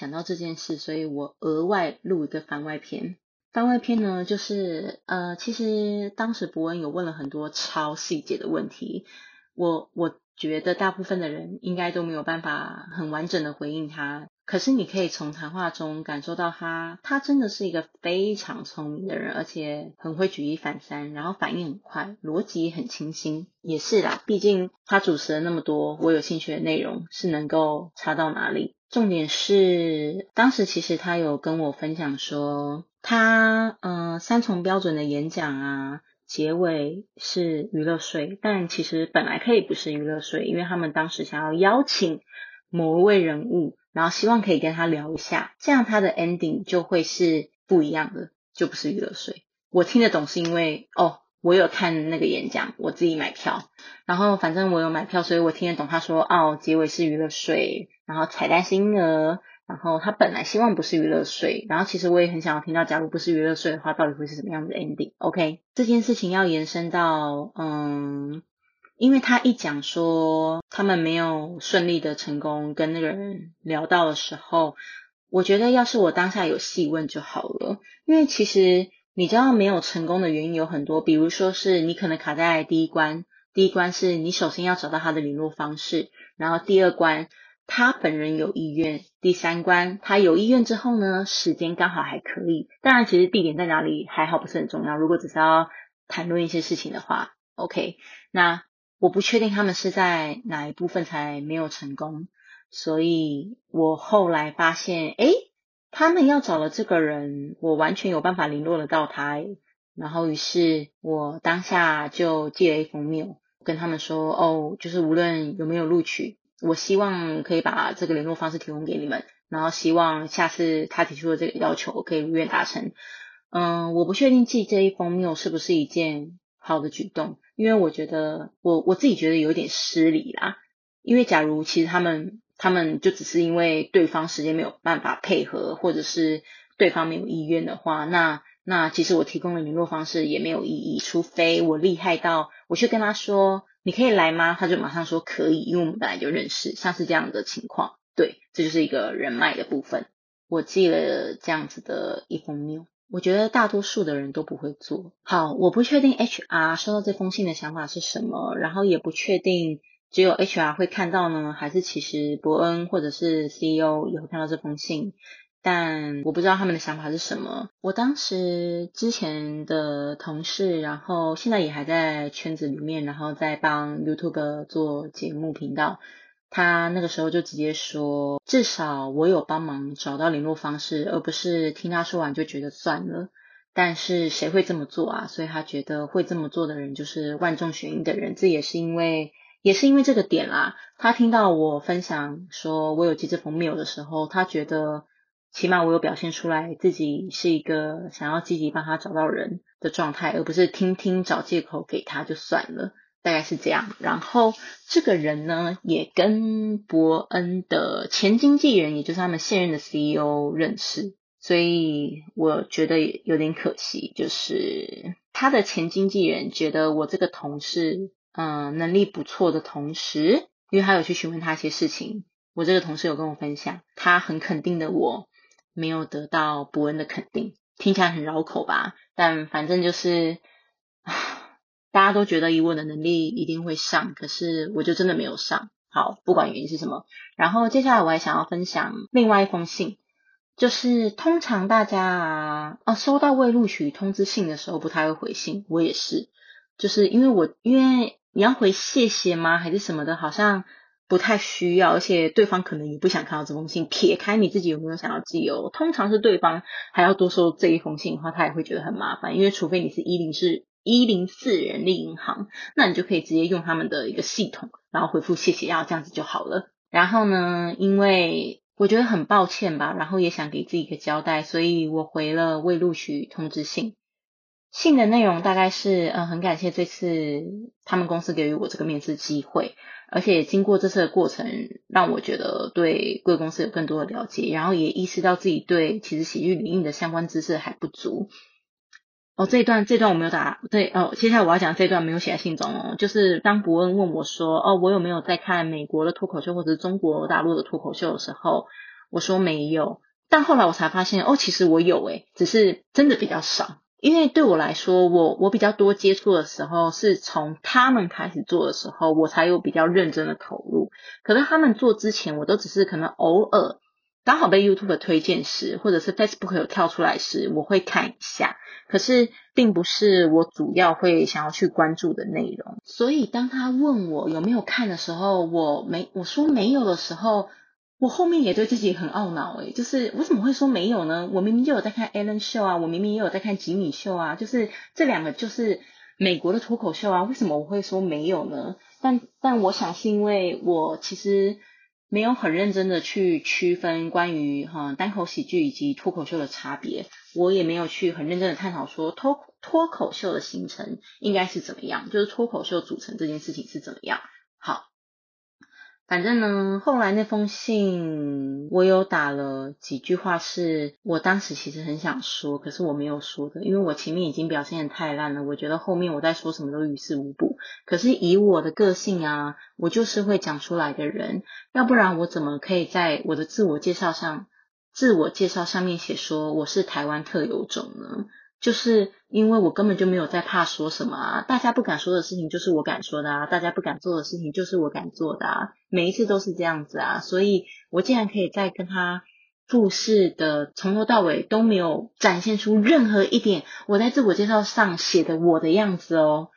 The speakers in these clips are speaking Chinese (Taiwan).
想到這件事，所以我額外錄一個番外篇。番外篇呢，就是呃，其實當時博恩有問了很多超細節的問題，我我覺得大部分的人應該都沒有辦法很完整的回應他。可是你可以從談話中感受到他，他真的是一個非常聰明的人，而且很會舉一反三，然後反應很快，邏輯很清晰。也是啦，畢竟他主持了那麼多我有興趣的內容，是能夠差到哪裡？重點是當時其實他有跟我分享說，他嗯、呃、三重標準的演講啊，結尾是娛樂稅，但其實本來可以不是娛樂稅，因為他們當時想要邀請某一位人物。然後希望可以跟他聊一下，這樣他的 ending 就會是不一樣的，就不是娛樂稅。我聽得懂是因為哦，我有看那個演講，我自己買票，然後反正我有買票，所以我聽得懂。他說哦，結尾是娛樂稅，然後彩蛋是嬰兒，然後他本來希望不是娛樂稅，然後其實我也很想要聽到，假如不是娛樂稅的話，到底會是什麼樣的 ending？OK，okay，這件事情要延伸到嗯，因為他一講說。他們沒有順利的成功跟那個人聊到的時候，我覺得要是我當下有細問就好了，因為其實你知道沒有成功的原因有很多，比如說是你可能卡在第一關，第一關是你首先要找到他的聯絡方式，然後第二關他本人有意願，第三關他有意願之後呢，時間剛好還可以，當然其實地點在哪裡還好不是很重要，如果只是要談論一些事情的話，OK，那。我不確定他們是在哪一部分才沒有成功，所以我後來發現，哎，他們要找的這個人，我完全有辦法聯絡得到他誒。然後，於是我當下就寄了一封 mail，跟他們說，哦，就是無論有沒有錄取，我希望可以把這個聯絡方式提供給你們。然後，希望下次他提出的這個要求可以如願達成。嗯，我不確定寄這一封 mail 是不是一件好的舉動，因為我覺得我我自己覺得有點失禮啦。因為假如其實他們他們就只是因為對方時間沒有辦法配合，或者是對方沒有意願的話，那那其實我提供的聯絡方式也沒有意義。除非我厲害到我去跟他說：“你可以來嗎？”他就馬上說：“可以。”因為我們本來就認識，像是這樣的情況，對，這就是一個人脈的部分。我寄了這樣子的一封 mail。我覺得大多數的人都不會做。好，我不確定 HR 收到這封信的想法是什麼，然後也不確定只有 HR 會看到呢，還是其實伯恩，或者是 CEO 也會看到這封信。但我不知道他們的想法是什麼。我當時之前的同事，然後現在也還在圈子裡面，然後在幫 YouTube 做節目頻道。他那個時候就直接說，至少我有幫忙找到聯絡方式，而不是聽他說完就覺得算了。但是誰會這麼做啊？所以他覺得會這麼做的人就是萬中選一的人。這也是因為，也是因為這個點啦、啊。他聽到我分享說我有寄這封 mail 的時候，他覺得起碼我有表現出來自己是一個想要積極幫他找到人的狀態，而不是聽聽找借口給他就算了。大概是這樣，然後這個人呢，也跟博恩的前經紀人，也就是他們現任的 CEO 認識，所以我覺得有點可惜，就是他的前經紀人覺得我這個同事，嗯、呃，能力不錯的同時，因為他有去詢問他一些事情，我這個同事有跟我分享，他很肯定的我沒有得到博恩的肯定，聽起來很繞口吧？但反正就是。唉大家都覺得以我的能力一定會上，可是我就真的沒有上。好，不管原因是什麼。然後接下來我還想要分享另外一封信，就是通常大家啊收到未錄取通知信的時候不太會回信，我也是，就是因為我因為，你要回謝謝嗎還是什麼的，好像不太需要，而且對方可能也不想看到這封信。撇開你自己有沒有想要自由，通常是對方還要多收這一封信的話，他也會覺得很麻煩，因為除非你是一零四。一零四人力銀行，那你就可以直接用他們的一個系統，然後回復謝謝要、啊、這樣子就好了。然後呢，因為我覺得很抱歉吧，然後也想給自己一個交代，所以我回了未錄取通知信。信的內容大概是，呃，很感謝這次他們公司給予我這個面試機會，而且經過這次的過程，讓我覺得對貴公司有更多的了解，然後也意識到自己對其實喜劇領域的相關知識還不足。哦，這一段這一段我沒有打對哦。接下來我要講這一段沒有寫在信中哦，就是當博恩問我說：“哦，我有沒有在看美國的脫口秀或者是中國大陸的脫口秀的時候？”我說沒有，但後來我才發現，哦，其實我有哎、欸，只是真的比較少。因為對我來說，我我比較多接觸的時候，是從他們開始做的時候，我才有比較認真的投入。可是他們做之前，我都只是可能偶爾。剛好被 YouTube 推薦時，或者是 Facebook 有跳出來時，我會看一下。可是，並不是我主要會想要去關注的內容。所以，當他問我有沒有看的時候，我沒，我說沒有的時候，我後面也對自己很懊惱，欸，誒就是我怎麼會說沒有呢？我明明就有在看 Ellen Show 啊，我明明也有在看吉米秀啊。就是這兩個，就是美國的脫口秀啊，為什麼我會說沒有呢？但但我想是因為我其實。沒有很認真的去區分關於哈、嗯、單口喜劇以及脫口秀的差別，我也沒有去很認真的探討說脫脫口秀的形成應該是怎麼樣，就是脫口秀組成這件事情是怎麼樣。好。反正呢，後來那封信我有打了幾句話，是我當時其實很想說，可是我沒有說的，因為我前面已經表現得太爛了，我覺得後面我再說什麼都於事無補。可是以我的個性啊，我就是會講出來的人，要不然我怎麼可以在我的自我介紹上，自我介紹上面寫說我是台灣特有種呢？就是因為我根本就沒有在怕說什麼啊，大家不敢說的事情就是我敢說的啊，大家不敢做的事情就是我敢做的啊，每一次都是這樣子啊，所以我竟然可以在跟他複試的從頭到尾都沒有展現出任何一點我在自我介紹上寫的我的樣子哦，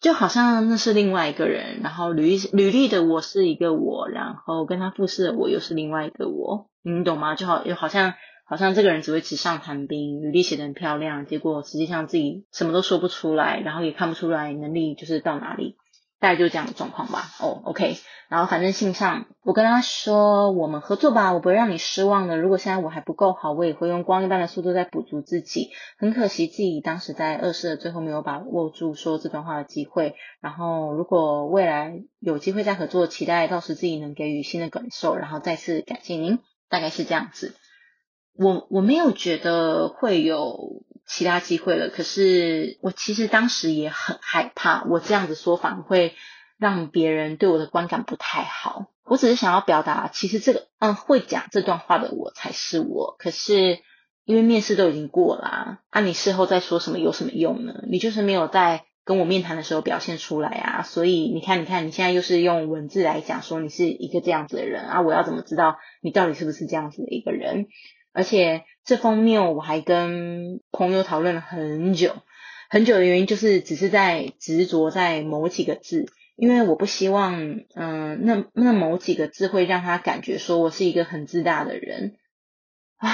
就好像那是另外一個人，然後履履歷的我是一個我，然後跟他複試的我又是另外一個我，你懂嗎？就好，又好像。好像這個人只會紙上談兵，履歷寫得很漂亮，結果實際上自己什麼都說不出來，然後也看不出來能力就是到哪裡，大概就是這樣的狀況吧。哦、oh，OK，然後反正信上我跟他說我們合作吧，我不會讓你失望的。如果現在我還不夠好，我也會用光一般的速度在補足自己。很可惜自己當時在二試的最後沒有把握住說這段話的機會。然後如果未來有機會再合作，期待到時自己能給予新的感受。然後再次感謝您，大概是這樣子。我我沒有覺得會有其他機會了，可是我其實當時也很害怕，我這樣子說法會讓別人對我的觀感不太好。我只是想要表達，其實這個嗯會講這段話的我才是我，可是因為面試都已經過啦、啊，那、啊、你事後再說什麼有什麼用呢？你就是沒有在跟我面談的時候表現出來啊！所以你看，你看，你現在又是用文字來講說你是一個這樣子的人啊！我要怎麼知道你到底是不是這樣子的一個人？而且這方面我還跟朋友討論了很久，很久的原因就是只是在執着在某幾個字，因為我不希望，嗯，那那某幾個字會讓他感覺說我是一個很自大的人啊，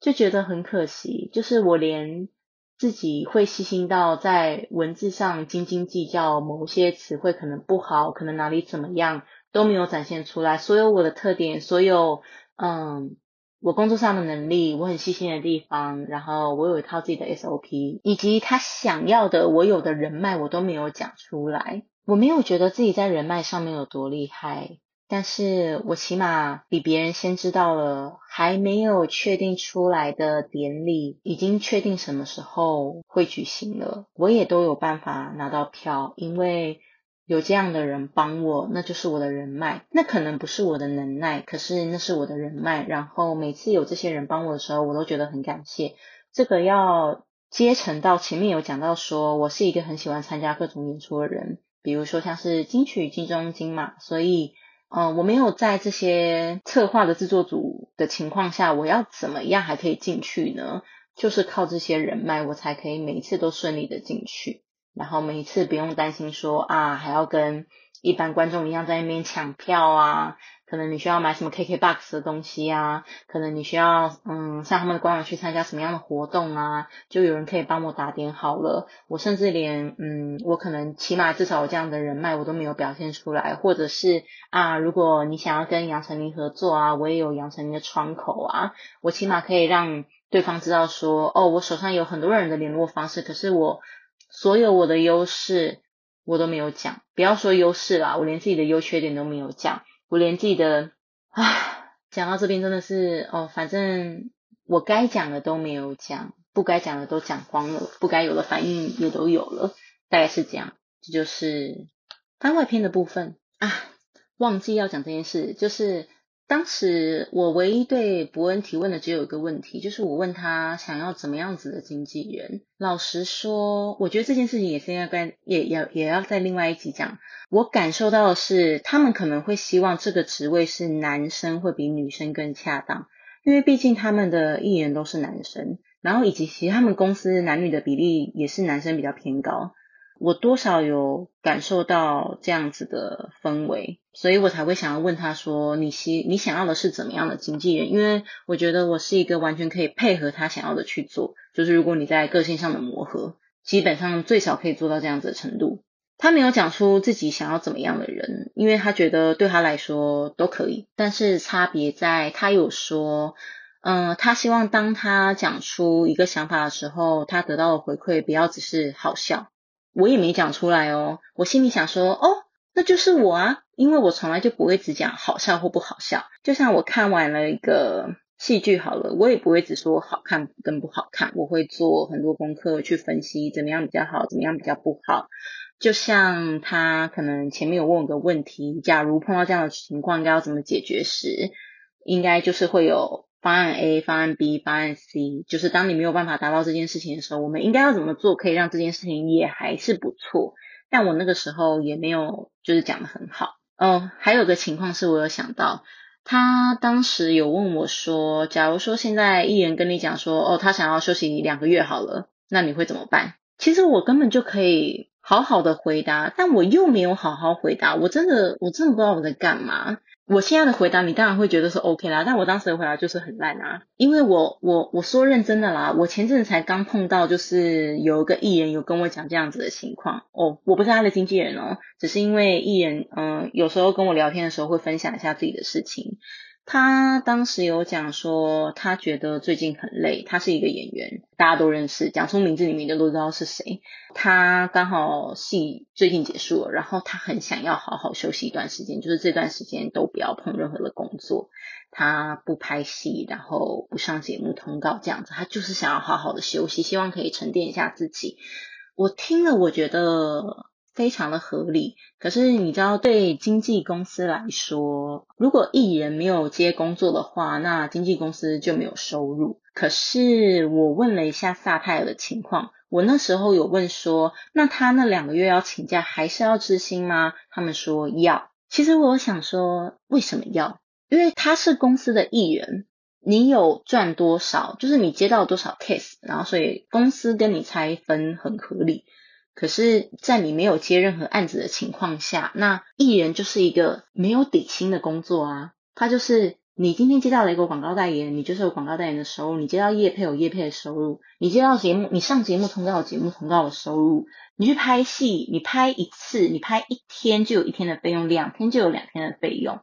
就覺得很可惜。就是我連自己會細心到在文字上斤斤計較，某些詞彙可能不好，可能哪裡怎麼樣都沒有展現出來，所有我的特點，所有，嗯。我工作上的能力，我很細心的地方，然後我有一套自己的 SOP，以及他想要的我有的人脈，我都沒有講出來。我沒有覺得自己在人脈上面有多厲害，但是我起碼比別人先知道了還沒有確定出來的典禮，已經確定什麼時候會舉行了，我也都有辦法拿到票，因為。有這樣的人幫我，那就是我的人脈。那可能不是我的能耐，可是那是我的人脈。然後每次有這些人幫我的時候，我都覺得很感謝。這個要接承到前面有講到說，說我是一個很喜歡參加各種演出的人，比如說像是金曲金鐘、金馬，所以，嗯、呃，我沒有在這些策劃的制作組的情況下，我要怎麼樣還可以進去呢？就是靠這些人脈，我才可以每一次都順利的進去。然後每一次不用擔心說啊，還要跟一般觀眾一樣在那邊搶票啊，可能你需要買什麼 KKBox 的東西啊，可能你需要嗯上他們的官網去參加什麼樣的活動啊，就有人可以幫我打點好了。我甚至連嗯，我可能起碼至少有這樣的人脈我都沒有表現出來，或者是啊，如果你想要跟楊丞琳合作啊，我也有楊丞琳的窗口啊，我起碼可以讓對方知道說，哦，我手上有很多人的聯絡方式，可是我。所有我的優勢，我都沒有講。不要說優勢啦，我連自己的優缺點都沒有講。我連自己的……啊，講到這邊真的是……哦，反正我該講的都沒有講，不該講的都講光了，不該有的反應也都有了，大概是這樣。這就是番外篇的部分啊，忘記要講這件事，就是。當時我唯一對博恩提問的只有一個問題，就是我問他想要怎麼樣子的經紀人。老實說，我覺得這件事情也是應該跟也也也要在另外一集講。我感受到的是，他們可能會希望這個職位是男生會比女生更恰當，因為畢竟他們的藝人都是男生，然後以及其實他們公司男女的比例也是男生比較偏高。我多少有感受到這樣子的氛圍，所以我才會想要問他說：“你希你想要的是怎麼樣的經紀人？”因為我覺得我是一個完全可以配合他想要的去做，就是如果你在個性上的磨合，基本上最少可以做到這樣子的程度。他沒有講出自己想要怎麼樣的人，因為他覺得對他來說都可以。但是差別在他有說，嗯、呃，他希望當他講出一個想法的時候，他得到的回饋不要只是好笑。我也沒講出來哦，我心裡想說，哦，那就是我啊，因為我從來就不會只講好笑或不好笑。就像我看完了一個戲劇好了，我也不會只說好看跟不好看，我會做很多功課去分析怎麼樣比較好，怎麼樣比較不好。就像他可能前面有問我個問題，假如碰到這樣的情況，應該要怎麼解決時，應該就是會有。方案 A、方案 B、方案 C，就是當你沒有辦法達到這件事情的時候，我們應該要怎麼做，可以讓這件事情也還是不錯。但我那個時候也沒有，就是講得很好。嗯、哦，還有個情況是我有想到，他當時有問我說，假如說現在藝人跟你講說，哦，他想要休息兩個月好了，那你會怎麼辦？其實我根本就可以好好的回答，但我又沒有好好回答，我真的，我真的不知道我在幹嘛。我現在的回答你當然會覺得是 OK 啦，但我當時的回答就是很爛啊，因為我我我說認真的啦，我前陣子才剛碰到，就是有一個藝人有跟我講這樣子的情況，哦，我不是他的經紀人哦，只是因為藝人嗯、呃、有時候跟我聊天的時候會分享一下自己的事情。他當時有講說，他覺得最近很累。他是一個演員，大家都認識，講出名字，你們應該都知道是誰。他剛好戲最近結束了，然後他很想要好好休息一段時間，就是這段時間都不要碰任何的工作，他不拍戲，然後不上節目通告這樣子，他就是想要好好的休息，希望可以沉澱一下自己。我聽了，我覺得。非常的合理。可是你知道，對經紀公司來說，如果藝人沒有接工作的話，那經紀公司就沒有收入。可是我問了一下薩泰爾的情況，我那時候有問說，那他那兩個月要請假，還是要支薪嗎？他們說要。其實我想說，為什麼要？因為他是公司的藝人，你有賺多少，就是你接到多少 case，然後所以公司跟你拆分很合理。可是，在你沒有接任何案子的情況下，那藝人就是一個沒有底薪的工作啊。他就是你今天接到了一個廣告代言，你就是有廣告代言的收入；你接到業配有業配的收入；你接到節目，你上節目通告有節目通告的收入；你去拍戲，你拍一次，你拍一天就有一天的費用，兩天就有兩天的費用。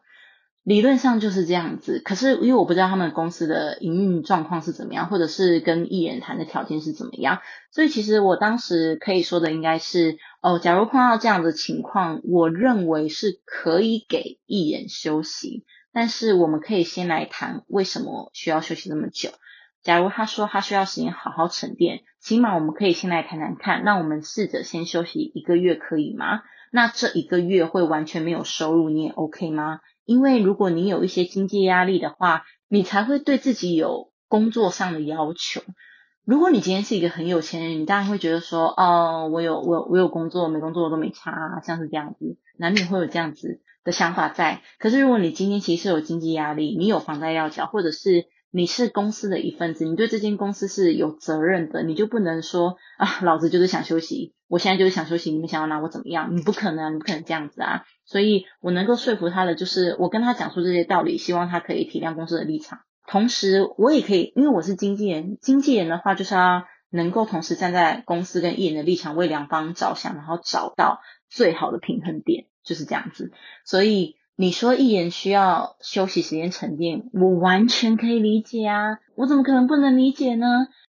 理論上就是這樣子，可是因為我不知道他們公司的營運狀況是怎麼樣，或者是跟藝人談的條件是怎麼樣，所以其實我當時可以說的應該是，哦，假如碰到這樣的情況，我認為是可以給藝人休息，但是我們可以先來談為什麼需要休息那麼久。假如他說他需要時間好好沉澱，起碼我們可以先來談談看，那我們試着先休息一個月可以嗎？那這一個月會完全沒有收入，你也 OK 嗎？因為如果你有一些經濟壓力的話，你才會對自己有工作上的要求。如果你今天是一個很有錢人，你當然會覺得說，哦，我有我有我有工作，沒工作我都沒差，像是這樣子，難免會有這樣子的想法在。可是如果你今天其實有經濟壓力，你有房貸要繳，或者是。你是公司的一份子，你對這間公司是有責任的，你就不能說啊，老子就是想休息，我現在就是想休息，你們想要拿我怎麼樣？你不可能，你不可能這樣子啊！所以我能夠說服他的，就是我跟他講出這些道理，希望他可以體諒公司的立場。同時，我也可以，因為我是經紀人，經紀人的話就是要能夠同時站在公司跟藝人的立場，為兩方着想，然後找到最好的平衡點，就是這樣子。所以。你說藝人需要休息時間沉澱，我完全可以理解啊，我怎麼可能不能理解呢？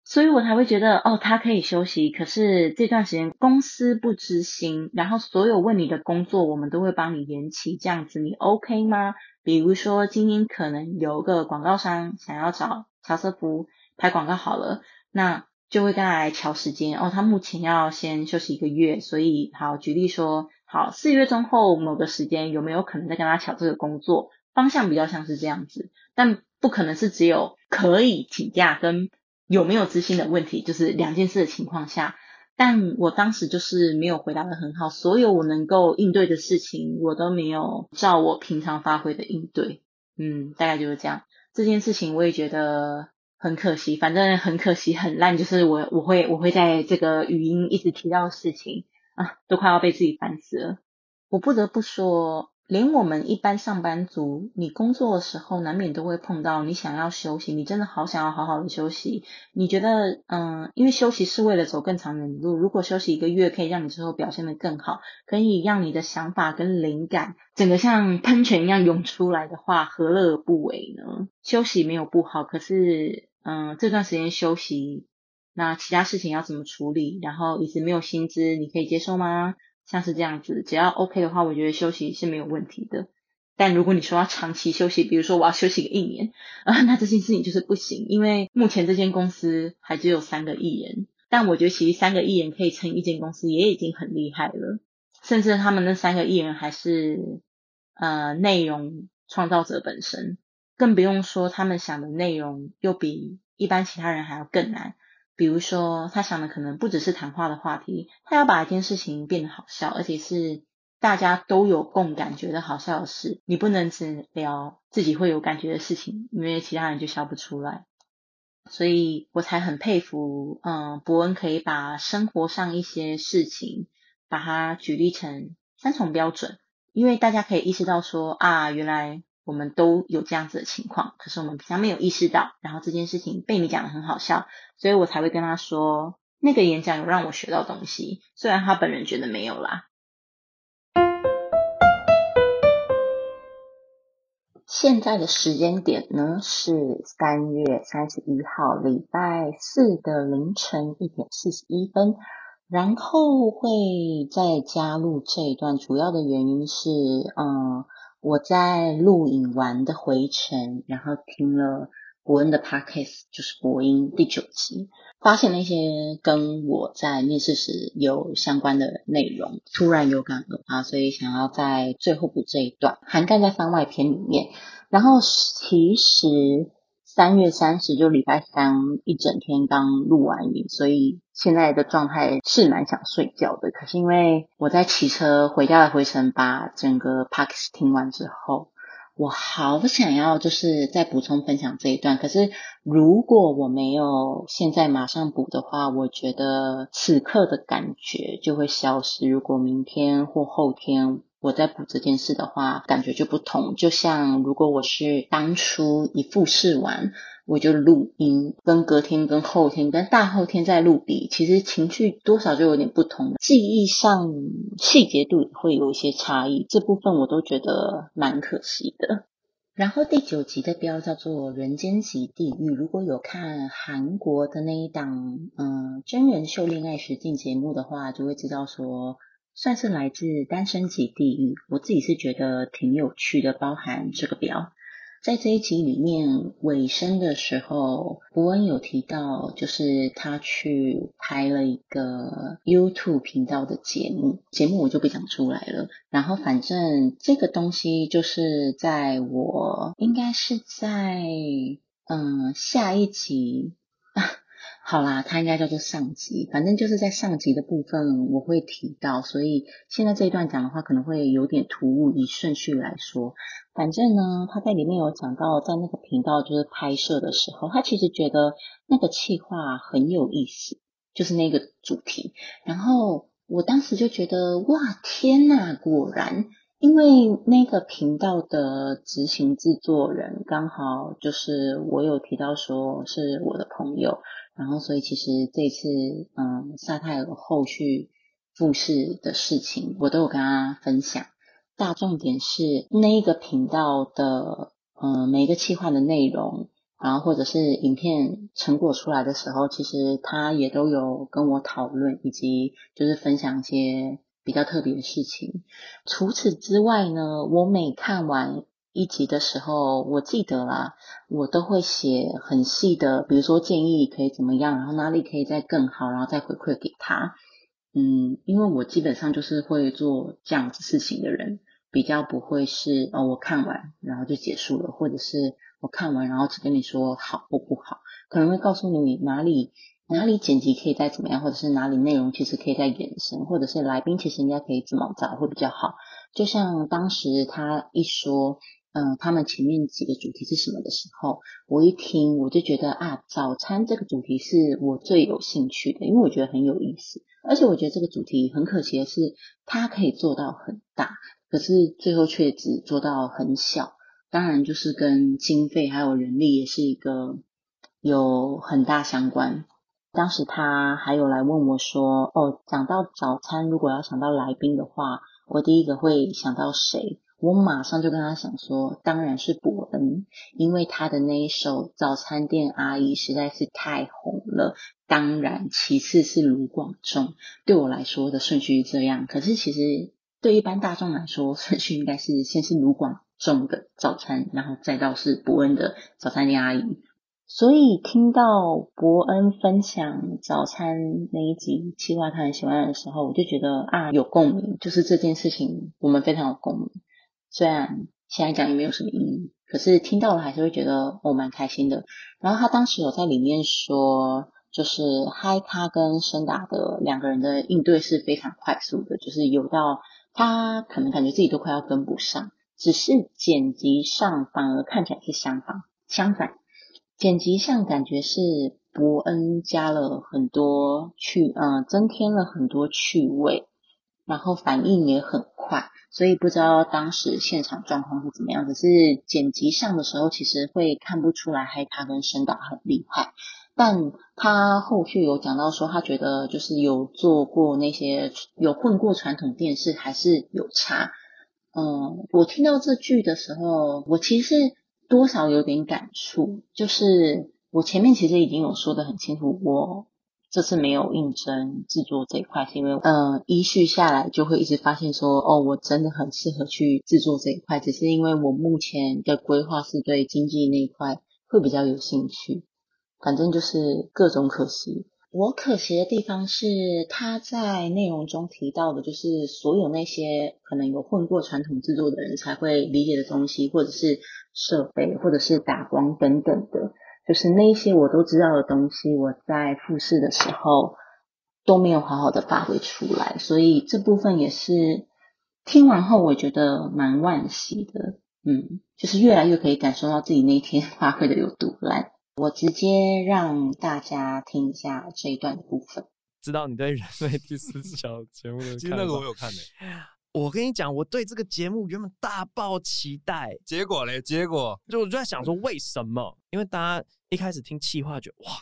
所以我才會覺得哦，他可以休息，可是這段時間公司不執行，然後所有問你的工作，我們都會幫你延期，這樣子你 OK 嗎？比如說今天可能有個廣告商想要找喬瑟夫拍廣告好了，那就會跟他來調時間哦，他目前要先休息一個月，所以好舉例說。好，四月中後某個時間有沒有可能再跟他搶這個工作？方向比較像是這樣子，但不可能是只有可以請假跟有沒有薪資的問題，就是兩件事的情況下。但我當時就是沒有回答得很好，所有我能夠應對的事情，我都沒有照我平常發揮的應對。嗯，大概就是這樣。這件事情我也覺得很可惜，反正很可惜，很爛。就是我我會我會在這個語音一直提到的事情。啊，都快要被自己煩死了。我不得不說，連我們一般上班族，你工作的時候難免都會碰到，你想要休息，你真的好想要好好的休息。你覺得，嗯、呃，因為休息是為了走更長的路，如果休息一個月可以讓你之後表現得更好，可以讓你的想法跟靈感整個像噴泉一樣湧出來的話，何樂而不為呢？休息沒有不好，可是，嗯、呃，這段時間休息。那其他事情要怎麼處理？然後一直沒有薪資，你可以接受嗎？像是這樣子，只要 OK 的話，我覺得休息是沒有問題的。但如果你說要長期休息，比如說我要休息個一年，啊、呃，那這件事情就是不行，因為目前這間公司還只有三個藝人，但我覺得其實三個藝人可以撐一間公司也已經很厲害了，甚至他們那三個藝人還是，呃，內容創造者本身，更不用說他們想的內容又比一般其他人還要更難。比如說，他想的可能不只是談話的話題，他要把一件事情變得好笑，而且是大家都有共感覺得好笑的事。你不能只聊自己會有感覺的事情，因為其他人就笑不出來。所以我才很佩服，嗯，伯恩可以把生活上一些事情，把它舉例成三重標準，因為大家可以意識到說，啊，原來。我們都有這樣子的情況，可是我們比較沒有意識到。然後這件事情被你講得很好笑，所以我才會跟他說，那個演講有讓我學到東西，雖然他本人覺得沒有啦。現在的時間點呢是三月三十一號禮拜四的凌晨一點四十一分，然後會再加入這一段，主要的原因是，嗯。我在錄影完的回程，然後聽了博恩的 podcast，就是博音第九集，發現那些跟我在面試時有相關的內容，突然有感而發，啊，所以想要在最後補這一段，涵蓋在番外篇裡面。然後其實。三月三十，就禮拜三一整天剛錄完音，所以現在的狀態是蠻想睡覺的。可是因為我在騎車回家的回程把整個 Parks 聽完之後，我好想要就是再補充分享這一段。可是如果我沒有現在馬上補的話，我覺得此刻的感覺就會消失。如果明天或後天，我在補這件事的話，感覺就不同。就像如果我是當初一複試完，我就錄音，跟隔天，跟後天，跟大後天再錄筆，其實情緒多少就有點不同了，記憶上細節度會有一些差異。這部分我都覺得蠻可惜的。然後第九集的標叫做《人間極地獄》。如果有看韓國的那一檔嗯、呃、真人秀戀愛實境節目的話，就會知道說。算是來自單身即地獄，我自己是覺得挺有趣的。包含這個表，在這一集裡面尾聲的時候，伯恩有提到，就是他去拍了一個 YouTube 頻道的節目，節目我就不講出來了。然後反正這個東西就是在我應該是在嗯、呃、下一集。好啦，他應該叫做上集，反正就是在上集的部分我會提到，所以現在這一段講的話可能會有點突兀。以順序來說，反正呢，他在裡面有講到，在那個頻道就是拍攝的時候，他其實覺得那個企劃很有意思，就是那個主題。然後我當時就覺得哇，天哪！果然，因為那個頻道的執行制作人剛好就是我有提到說是我的朋友。然後，所以其實這次嗯，薩泰爾後續複試的事情，我都有跟他分享。大重點是那一個頻道的嗯，每一個企劃的內容，然後或者是影片成果出來的時候，其實他也都有跟我討論，以及就是分享一些比較特別的事情。除此之外呢，我每看完。一集的時候，我記得啦，我都會寫很細的，比如說建議可以怎麼樣，然後哪裡可以再更好，然後再回饋給他。嗯，因為我基本上就是會做這樣子事情的人，比較不會是哦，我看完然後就結束了，或者是我看完然後只跟你說好或不好，可能會告訴你，你哪裡哪裡剪輯可以再怎麼樣，或者是哪裡內容其實可以再延伸，或者是來賓其實應該可以怎麼找會比較好。就像當時他一說。嗯，他們前面幾個主題是什麼的時候，我一聽我就覺得啊，早餐這個主題是我最有興趣的，因為我覺得很有意思，而且我覺得這個主題很可惜的是，它可以做到很大，可是最後卻只做到很小，當然就是跟經費還有人力也是一個有很大相關。當時他還有來問我說，哦，講到早餐，如果要想到來賓的話，我第一個會想到誰？我馬上就跟他想說，當然是伯恩，因為他的那一首《早餐店阿姨》實在是太紅了。當然，其次是盧廣仲，對我來說的順序是這樣。可是，其實對一般大眾來說，順序應該是先是盧廣仲的早餐，然後再到是伯恩的《早餐店阿姨》。所以，聽到伯恩分享早餐那一集企劃他很喜歡的時候，我就覺得啊，有共鳴，就是這件事情我們非常有共鳴。雖然現在講也沒有什麼意義，可是聽到了還是會覺得我蠻、哦、開心的。然後他當時有在裡面說，就是嗨，他跟申達的兩個人的應對是非常快速的，就是有到他可能感覺自己都快要跟不上，只是剪輯上反而看起來是相反，相反剪輯上感覺是博恩加了很多趣，嗯，增添了很多趣味。然後反應也很快，所以不知道當時現場狀況是怎麼樣。只是剪輯上的時候，其實會看不出來害怕跟聲導很厲害。但他後續有講到說，他覺得就是有做過那些有混過傳統電視，還是有差。嗯，我聽到這句的時候，我其實多少有點感觸，就是我前面其實已經有說得很清楚過。我這次沒有應徵製作這一塊，是因為嗯，呃，依序下來就會一直發現說，哦，我真的很適合去制作這一塊，只是因為我目前的規劃是對經濟那一塊會比較有興趣。反正就是各種可惜，我可惜的地方是他在內容中提到的，就是所有那些可能有混過傳統制作的人才會理解的東西，或者是設備，或者是打光等等的。就是那些我都知道的東西，我在複試的時候都沒有好好的發揮出來，所以這部分也是聽完後我覺得蠻惋惜的。嗯，就是越來越可以感受到自己那一天發揮的有多爛。我直接讓大家聽一下這一段的部分，知道你在人類第四小節目的， 其實那個我有看的、欸。 我跟你講，我對這個節目原本大爆期待，結果嘞，結果就我就在想說為什麼？對因為大家一開始聽企劃，覺得哇，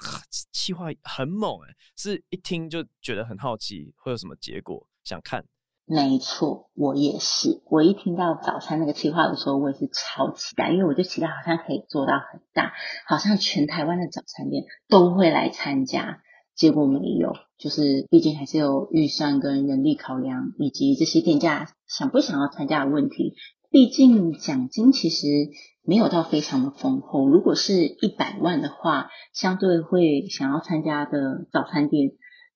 企劃很猛誒，是一聽就覺得很好奇，會有什麼結果，想看。沒錯，我也是。我一聽到早餐那個企劃的時候，我也是超期待，因為我就期待好像可以做到很大，好像全台灣的早餐店都會來參加，結果沒有。就是，畢竟還是有預算跟人力考量，以及這些店家想不想要參加的問題。畢竟獎金其實沒有到非常的豐厚，如果是一百萬的話，相對會想要參加的早餐店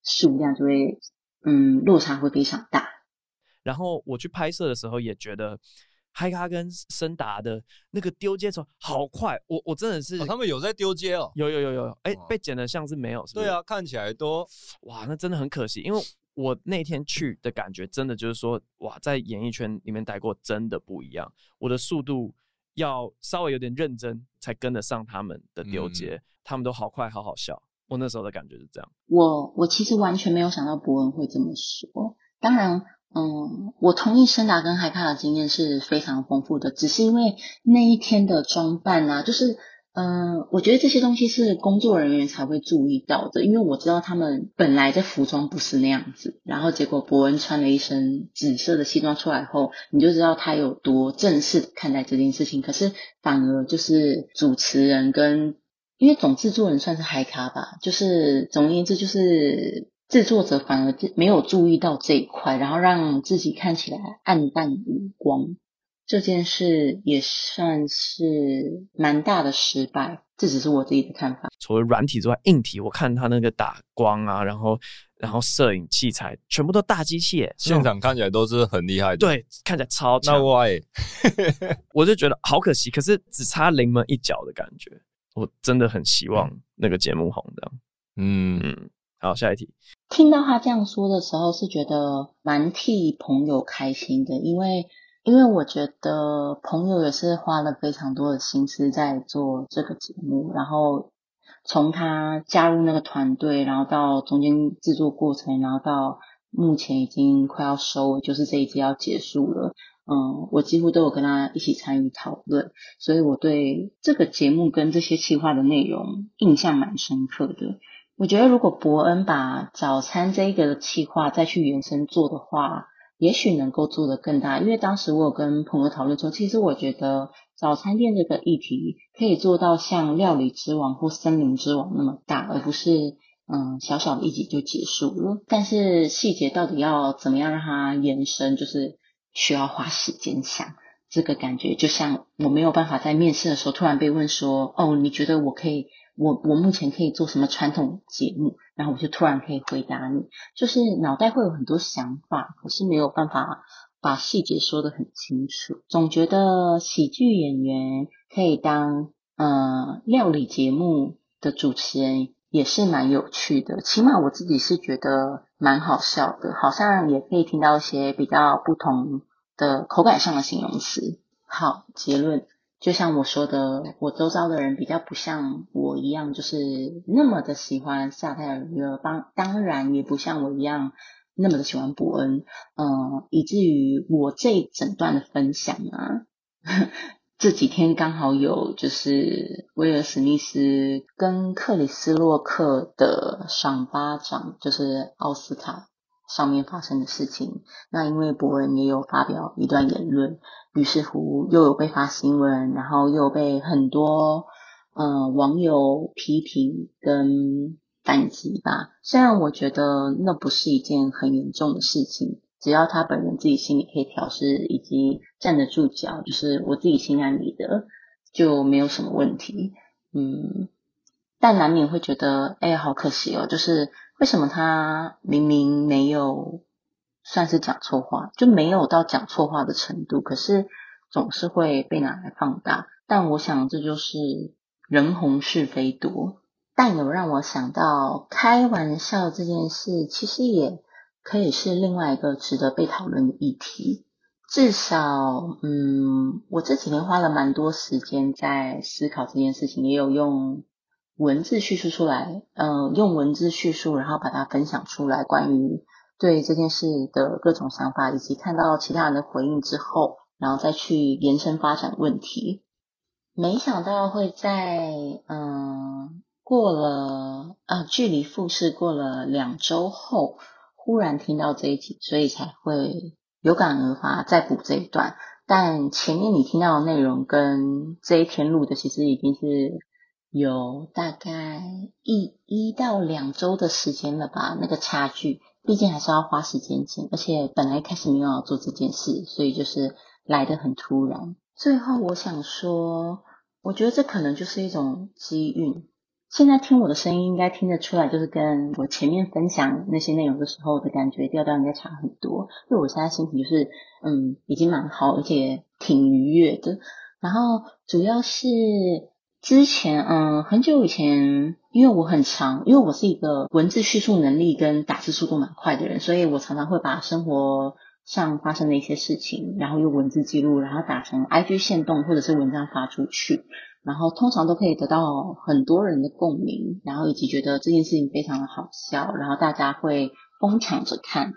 數量就會，嗯，落差會非常大。然後我去拍攝的時候也覺得。嗨咖跟森達的那個丟接，手好快，我我真的是，哦，他們有在丟接哦，有有有有有，哎哇、欸，被剪得像是沒有是不是？對啊，看起來多哇，那真的很可惜，因為我那天去的感覺真的就是說哇，在演藝圈裡面待過真的不一樣，我的速度要稍微有點認真才跟得上他們的丟接，嗯，他們都好快，好好笑，我那時候的感覺是這樣。我我其實完全沒有想到博文會這麼說，當然。嗯，我同意申達跟海卡的經驗是非常豐富的，只是因為那一天的裝扮呢、啊，就是嗯、呃，我覺得這些東西是工作人員才會注意到的，因為我知道他們本來的服裝不是那樣子，然後結果博恩穿了一身紫色的西裝出來後，你就知道他有多正式的看待這件事情，可是反而就是主持人跟因為總製作人算是海卡吧，就是總而言之就是。製作者反而沒有注意到這一塊，然後讓自己看起來暗淡無光，這件事也算是蠻大的失敗。這只是我自己的看法。除了軟體之外，硬體我看它那個打光啊，然後然後攝影器材全部都大機器，現場看起來都是很厲害的。對，看起來超那我、欸， 我就覺得好可惜。可是只差臨門一腳的感覺，我真的很希望那個節目紅的。嗯。嗯好，下一題。聽到他這樣說的時候，是覺得蠻替朋友開心的，因為因為我覺得朋友也是花了非常多的心思在做這個節目，然後從他加入那個團隊，然後到中間製作過程，然後到目前已經快要收尾，就是這一集要結束了。嗯，我幾乎都有跟他一起參與討論，所以我對這個節目跟這些企劃的內容印象蠻深刻的。我覺得，如果博恩把早餐這個企劃再去延伸做的話，也許能夠做得更大。因為當時我有跟朋友討論說，其實我覺得早餐店這個議題可以做到像料理之王或森林之王那麼大，而不是嗯小小的一集就結束了。但是細節到底要怎麼樣讓它延伸，就是需要花時間想。這個感覺就像我沒有辦法在面試的時候突然被問說：“哦，你覺得我可以？”我我目前可以做什麼傳統節目？然後我就突然可以回答你，就是腦袋會有很多想法，可是沒有辦法把細節說得很清楚。總覺得喜劇演員可以當嗯、呃、料理節目的主持人也是蠻有趣的，起碼我自己是覺得蠻好笑的，好像也可以聽到一些比較不同的口感上的形容詞。好，結論。就像我說的，我週遭的人比較不像我一樣，就是那麼的喜歡薩泰爾娛樂，當然也不像我一樣那麼的喜歡博恩，呃、嗯，以至於我這一整段的分享啊，這幾天剛好有就是威爾史密斯跟克里斯洛克的賞巴掌，就是奧斯卡。上面發生的事情，那因為博人也有發表一段言論，於是乎又有被發新聞，然後又被很多呃網友批評跟反擊吧。雖然我覺得那不是一件很嚴重的事情，只要他本人自己心裡可以調適，以及站得住腳，就是我自己心安理得，就沒有什麼問題。嗯，但難免會覺得，哎，好可惜哦，就是。為什麼他明明沒有算是講錯話，就沒有到講錯話的程度，可是總是會被拿來放大。但我想這就是人紅是非多。但有讓我想到，開玩笑這件事其實也可以是另外一個值得被討論的議題。至少，嗯，我這幾年花了蠻多時間在思考這件事情，也有用。文字敘述出來，嗯、呃，用文字敘述，然後把它分享出來。關於對這件事的各種想法，以及看到其他人的回應之後，然後再去延伸發展問題。沒想到會在嗯、呃、過了啊，距離複試過了兩周後，忽然聽到這一集，所以才會有感而發再補這一段。但前面你聽到的內容跟這一天錄的，其實已經是。有大概一一到兩周的時間了吧？那個差距，畢竟還是要花時間去，而且本來一開始沒有做這件事，所以就是來得很突然。最後我想說，我覺得這可能就是一種機遇。現在聽我的聲音，應該聽得出來，就是跟我前面分享那些內容的時候的感覺調調應該差很多。就我現在心情就是，嗯，已經蠻好，而且挺愉悅的。然後主要是。之前，嗯，很久以前，因為我很常，因為我是一個文字敘述能力跟打字速度蠻快的人，所以我常常會把生活上發生的一些事情，然後用文字記錄，然後打成 IG 限動或者是文章發出去，然後通常都可以得到很多人的共鳴，然後以及覺得這件事情非常的好笑，然後大家會瘋搶着看。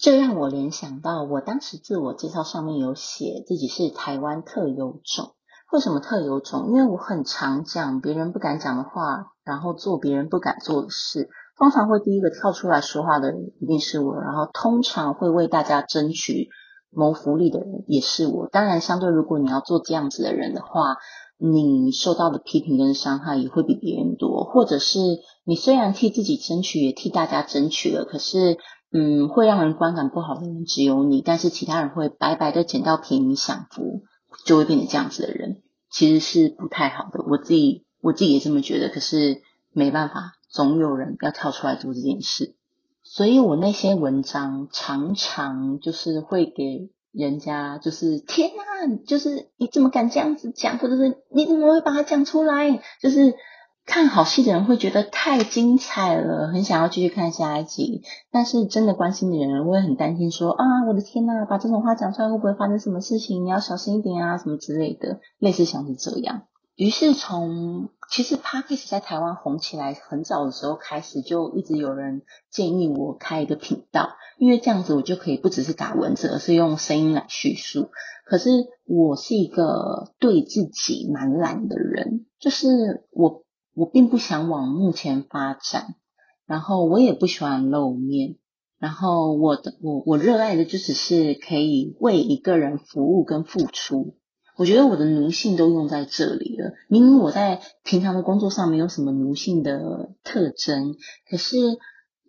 這讓我聯想到，我當時自我介紹上面有寫自己是台灣特有種。為什麼特有種？因為我很常講別人不敢講的話，然後做別人不敢做的事。通常會第一個跳出來說話的人，一定是我。然後通常會為大家爭取謀福利的人，也是我。當然，相對如果你要做這樣子的人的話，你受到的批評跟傷害也會比別人多。或者是你雖然替自己爭取，也替大家爭取了，可是嗯，會讓人觀感不好的人只有你，但是其他人會白白的撿到便宜享福。就會變成這樣子的人，其實是不太好的。我自己，我自己也這麼覺得。可是沒辦法，總有人要跳出來做這件事，所以我那些文章常常就是會給人家，就是天啊，就是你怎麼敢這樣子講，或者是你怎麼會把它講出來，就是。看好戲的人會覺得太精彩了，很想要繼續看下一集；但是真的關心的人會很擔心說，說啊，我的天吶，把這種話講出來會不會發生什麼事情？你要小心一點啊，什麼之類的，類似像是這樣。於是從其實 Podcast 在台灣紅起來很早的時候開始，就一直有人建議我開一個頻道，因為這樣子我就可以不只是打文字，而是用聲音來敘述。可是我是一個對自己蠻懶的人，就是我。我並不想往幕前發展，然後我也不喜歡露面，然後我的我我熱愛的就只是可以為一個人服務跟付出。我覺得我的奴性都用在這裡了。明明我在平常的工作上沒有什麼奴性的特徵，可是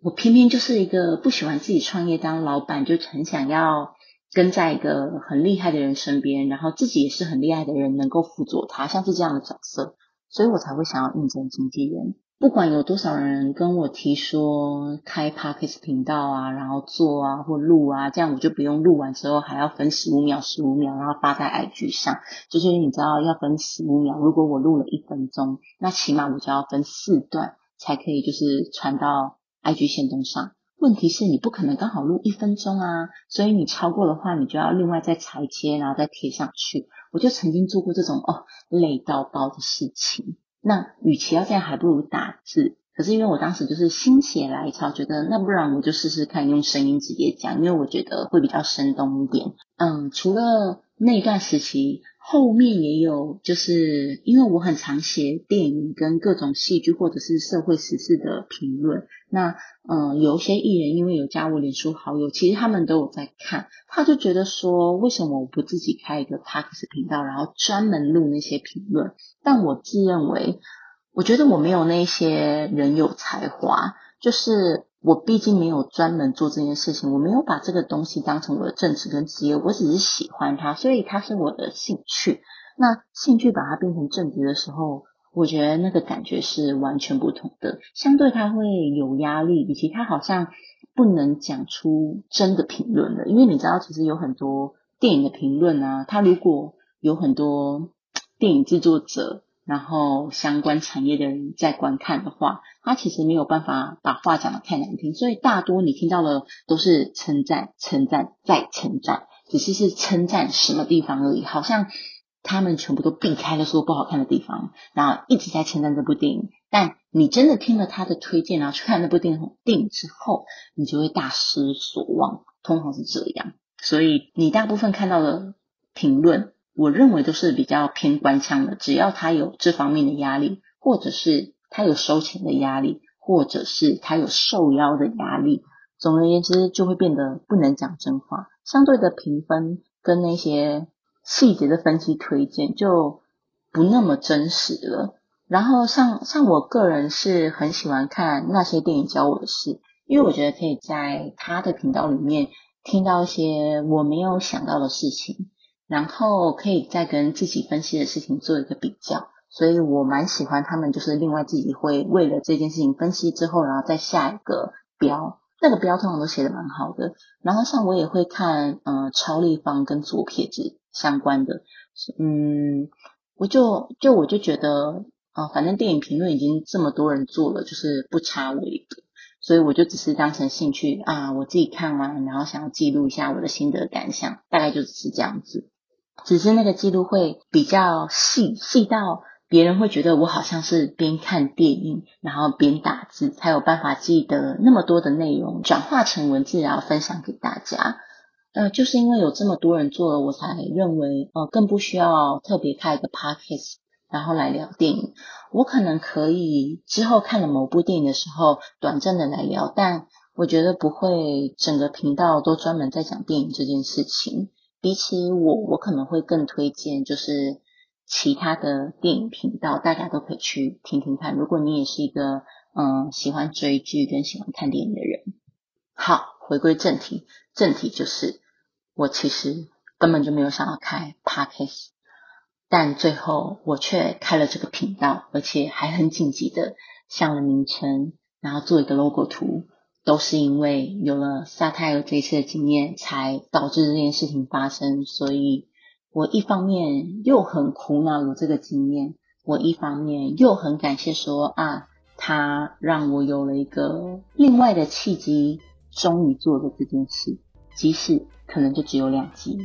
我偏偏就是一個不喜歡自己創業當老闆，就很想要跟在一個很厲害的人身邊，然後自己也是很厲害的人，能夠輔佐他，像是這樣的角色。所以我才會想要應徵經紀人。不管有多少人跟我提說開 podcast 頻道啊，然後做啊或錄啊，這樣我就不用錄完之後還要分十五秒、十五秒，然後發在 IG 上。就是你知道要分十五秒，如果我錄了一分鐘，那起碼我就要分四段才可以，就是傳到 IG 限動上。問題是你不可能剛好錄一分鐘啊，所以你超過的話，你就要另外再裁切，然後再貼上去。我就曾經做過這種哦，累到爆的事情，那與其要這樣，還不如打字。可是因為我當時就是心血來潮，覺得那不然我就試試看用聲音直接講，因為我覺得會比較生動一點。嗯，除了那一段時期，後面也有，就是因為我很常寫電影跟各種戲劇或者是社會時事的評論。那嗯，有一些藝人因為有加我臉書好友，其實他們都有在看，他就覺得說，為什麼我不自己開一個 Podcast 頻道，然後專門錄那些評論？但我自認為，我覺得我沒有那些人有才華，就是我畢竟沒有專門做這件事情，我沒有把這個東西當成我的正職跟職業，我只是喜歡它，所以它是我的興趣。那興趣把它變成正職的時候。我覺得那個感覺是完全不同的，相對他會有壓力，以及他好像不能講出真的評論了，因為你知道，其實有很多電影的評論啊，他如果有很多電影制作者，然後相關產業的人在觀看的話，他其實沒有辦法把話講得太難聽，所以大多你聽到的都是稱讚、稱讚、再稱讚，只是是稱讚什麼地方而已，好像。他們全部都避開了說不好看的地方，然後一直在稱讚這部電影。但你真的聽了他的推薦，然後去看那部電影電影之後，你就會大失所望，通常是這樣。所以你大部分看到的評論，我認為都是比較偏官腔的。只要他有這方面的壓力，或者是他有收錢的壓力，或者是他有受邀的壓力，總而言之，就會變得不能講真話。相對的評分跟那些，細節的分析推薦就不那麼真實了。然後像像我個人是很喜歡看那些電影教我的事，因為我覺得可以在他的頻道裡面聽到一些我沒有想到的事情，然後可以再跟自己分析的事情做一個比較，所以我蠻喜歡他們，就是另外自己會為了這件事情分析之後，然後再下一個標，那個標通常都寫得蠻好的。然後像我也會看呃、超立方跟左撇子。相關的，嗯，我就就我就覺得啊、哦，反正電影評論已經這麼多人做了，就是不差我一個，所以我就只是當成興趣啊，我自己看完，啊，然後想要記錄一下我的心得的感想，大概就只是這樣子。只是那個記錄會比較細，細到別人會覺得我好像是邊看電影，然後邊打字，才有辦法記得那麼多的內容，轉化成文字，然後分享給大家。呃，就是因為有這麼多人做了，我才認為，呃，更不需要特別開一個 podcast，然後來聊電影。我可能可以之後看了某部電影的時候，短暫的來聊，但我覺得不會整個頻道都專門在講電影這件事情。比起我，我可能會更推薦就是其他的電影頻道，大家都可以去聽聽看。如果你也是一個嗯、呃、喜歡追劇跟喜歡看電影的人，好，回歸正題，正題就是。我其實根本就沒有想要開 Podcast，但最後我卻開了這個頻道，而且還很緊急的想了名稱，然後做一個 logo 圖，都是因為有了薩泰爾這一次的經驗，才導致這件事情發生。所以我一方面又很苦惱有這個經驗，我一方面又很感謝說啊，他讓我有了一個另外的契機，終於做了這件事。即使可能就只有兩集。